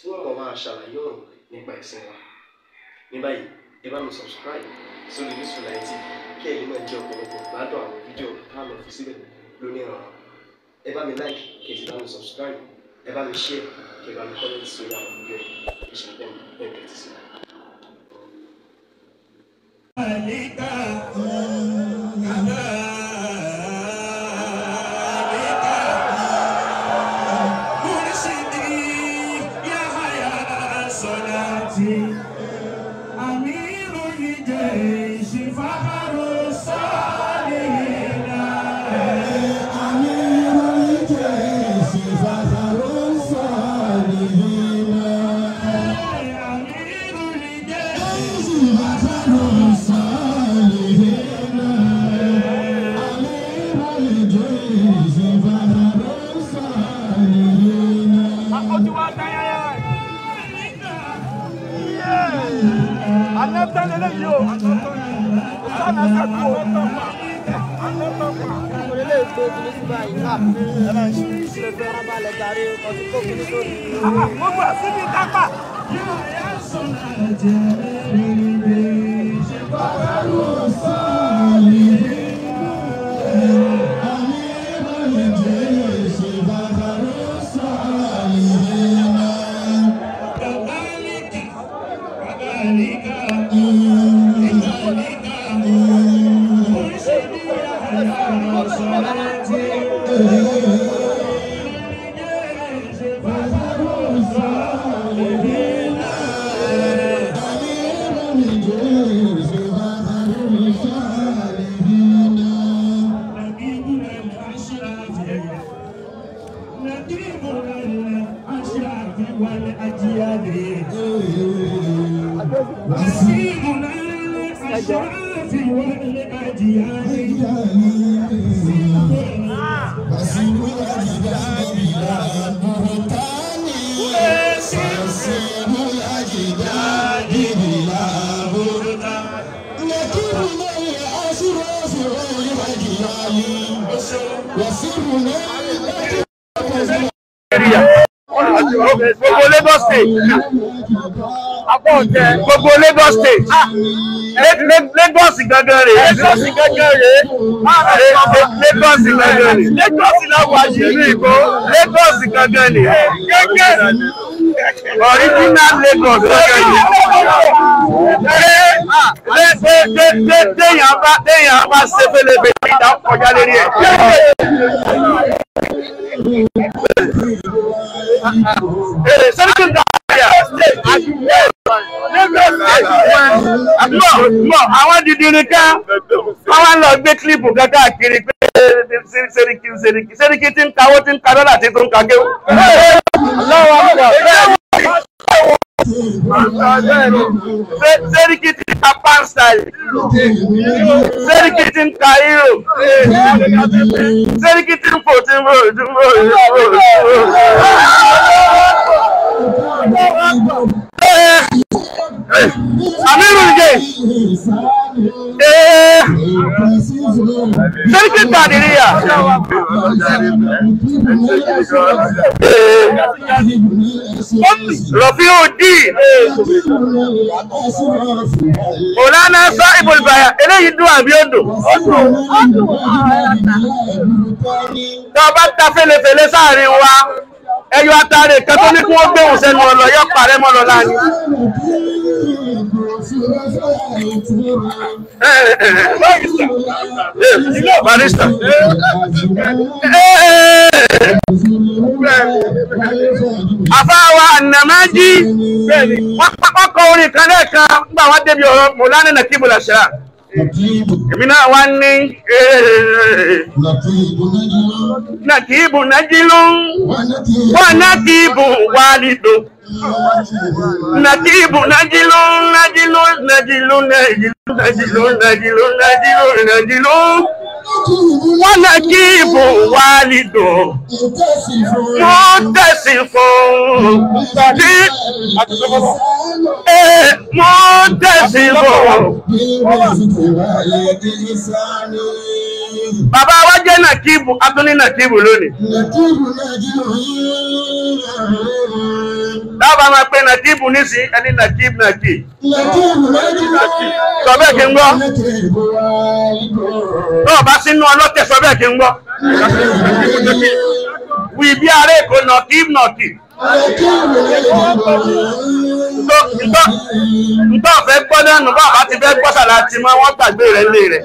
tí wọ́n mọ̀ máa ṣàlàyé ọ̀rọ̀ nípa ẹ̀sìn wa ní báyìí ẹ bá mi subscribe sórí Yusufullahi TV kí ẹ̀yin náà jẹ́ ọ̀pọ̀lọpọ̀ gbádùn àwọn fídíò tá a lọ fi síbẹ̀ lónìí ọ̀rọ̀ ẹ bá mi like kí ẹ sì bá mi subscribe ẹ bá mi share kí ẹ bá mi comment sórí àwọn fídíò yìí ẹ ṣe Jai Shri Baba. gbogbo àfihàn kápá. Yóò yá sọ̀rọ̀ Father. gbogbo Lagos state apá ọ̀jẹ̀ gbogbo Lagos state ah, Lagos gangan rèé Lagos gangan rèé ah, Lagos gangan rèé Lagos làwọn àṣírí ìbò Lagos gangan rèé original Lagos lọ́jọ́ yìí ṣé téèyàn bá téèyàn bá ṣe fẹ́lẹ́fẹ́ ìdá kọjá lérí ẹ̀. sẹ́díkìtà àbúrò àwọn dìdìrín ká wọ́n wá lọ gbé kílípù kankan kiri pé sẹ́ríkì sẹ́ríkì sẹ́ríkì tí ń kawó tí ń ka dọ́là tí tó ń ka géwó. sẹ́ríkì tí ń ka panstyle sẹ́ríkì tí ń ka hero Hakika ni ria. Rafiuddin. Mọ̀lánà sọ ìbòlùbàyà, eléyìí dùn àbí odò. Tọ́ bá ta fẹ́lẹ́fẹ́lẹ́ sáàrin wa ẹyọ atare kan tó ní kí wọ́n gbé òun sẹ́nu ọ̀lọ́ yọ parẹ́ mọ́ lọ láàánú. barista àfáàwà ànàmájí wọ́n kọ́ orin kan lẹ́ẹ̀kan nígbà wọ́n débi ọ̀rọ̀ mọ̀lánà nàkí mọ̀lá ṣẹlá èmi náà wá ní nàkìbù nájíló wọn nàkìbù wàlídò nàkìbù nájíló nájíló nájíló nájíló nájíló nájíló nájíló wọn nàkìbù wàlídò wọn tẹsí fún un mú tẹ̀sí bọ̀. Bàbá wa jẹ́ Nàkíbù, Adúní Nàkíbù lónìí. Nàkíbù Nàkíbù Dábà máa pe Nàkíbù nísìn ẹni Nàkíbù Nàkí. Sọ bẹ́ẹ̀ kí n gbọ́. Tọ́ọ̀ bá sínú ọlọ́tẹ̀ sọ bẹ́ẹ̀ kí n gbọ́. Wì bí aré kò Nàkíbù Nàkí. Nàkíbù Nàkí nítọ́ fẹ́ gbọ́ náà nù bá àbá ti fẹ́ gbọ́sà láti mọ́ wọ́n gbàgbé rẹ̀ lé rẹ̀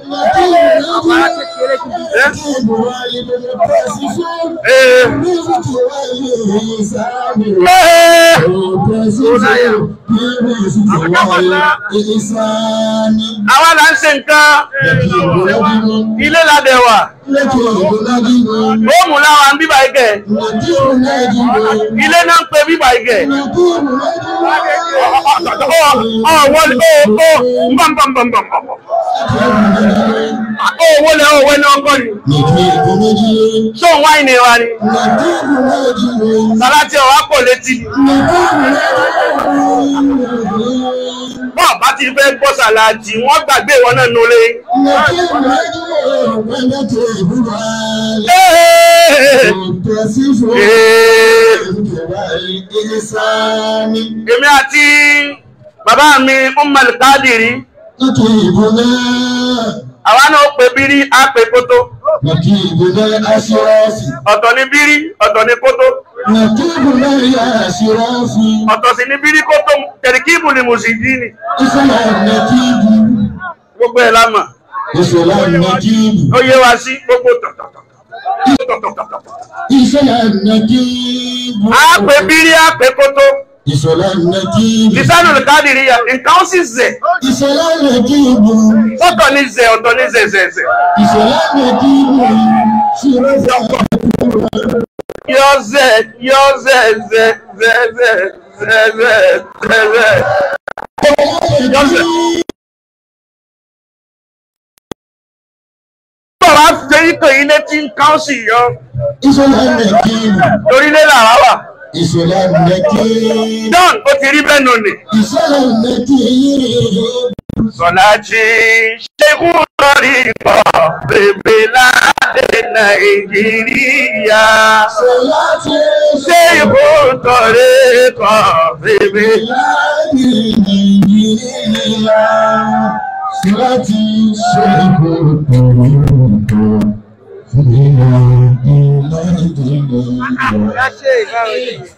àwa là ń ṣe nǹkan ilé la dẹ̀ wà láwa ń bíbà igẹ̀ ilé náà ń pe bíbà igẹ̀ ọ̀wọ́ ni ó ó ń bọ̀m̀bọ̀m̀bọ̀m̀ ọ̀wọ́ ni ó wẹ́ ẹni ọkọ ni. Ṣé òun wáyé ni wa ni? Sàlá tí ọ̀wá pọ̀ létí ni. Bọ́ bá ti fẹ́ gbọ́ sàlá tí wọ́n gbàgbé ìwọ náà nulẹ̀. Èmi àti bàbá mi, Ummul Qadiri. Nítorí ìbò náà àwa náà pè bírí á pè kótó. ọ̀tọ̀ ni bírí ọ̀tọ̀ ni kótó. ọ̀tọ̀ sì ni bírí kótó tẹ̀ríkìbù ni mo sì dí ni. gbogbo ẹ̀ lámà. ó yé wa sí gbogbo tọ̀tọ̀tọ̀. Iṣẹ́ ànàkí. Á pè bírí á pè kótó. Ìṣọ̀lá ìnẹ́jì. Lisanu Kadiri ya, nǹkan ó sì zẹ̀. Ìṣọ̀lá ìnẹ́jì ìbò. Ọ̀tọ̀ ni zẹ̀, ọ̀tọ̀ ni zẹ̀ zẹ̀ zẹ̀. Ìṣọ̀lá ìnẹ́jì ìbò. Ṣùgbọ́n ìṣọ̀lá ìnẹ́jì ìbò. Yọ zẹ̀, yọ zẹ̀ zẹ̀ zẹ̀ zẹ̀ zẹ̀ zẹ̀ zẹ̀ zẹ̀. Yọ zẹ̀. Bọ̀dá ṣe ikọ̀ ilé tí nǹkan ó sì yọ. Ìṣọ̀lá ìnẹ́jì ìbò. Torí lé làrá wà ìṣẹ̀lẹ̀ àmìlẹ́kí. John ó ti rí bẹ́ẹ̀ nù ni. ìṣẹ̀lẹ̀ àmìlẹ́kí yìí. Sọ̀lájí ṣẹ́gun lórí pọ̀ bèbè láti Nàìjíríà. Sọ̀lájí ṣẹ́gun lórí pọ̀ bèbè láti Nàìjíríà. Sọ̀lájí ṣẹ́gun lórí pọ̀. ẹ ṣe ìbáwọ̀ yìí.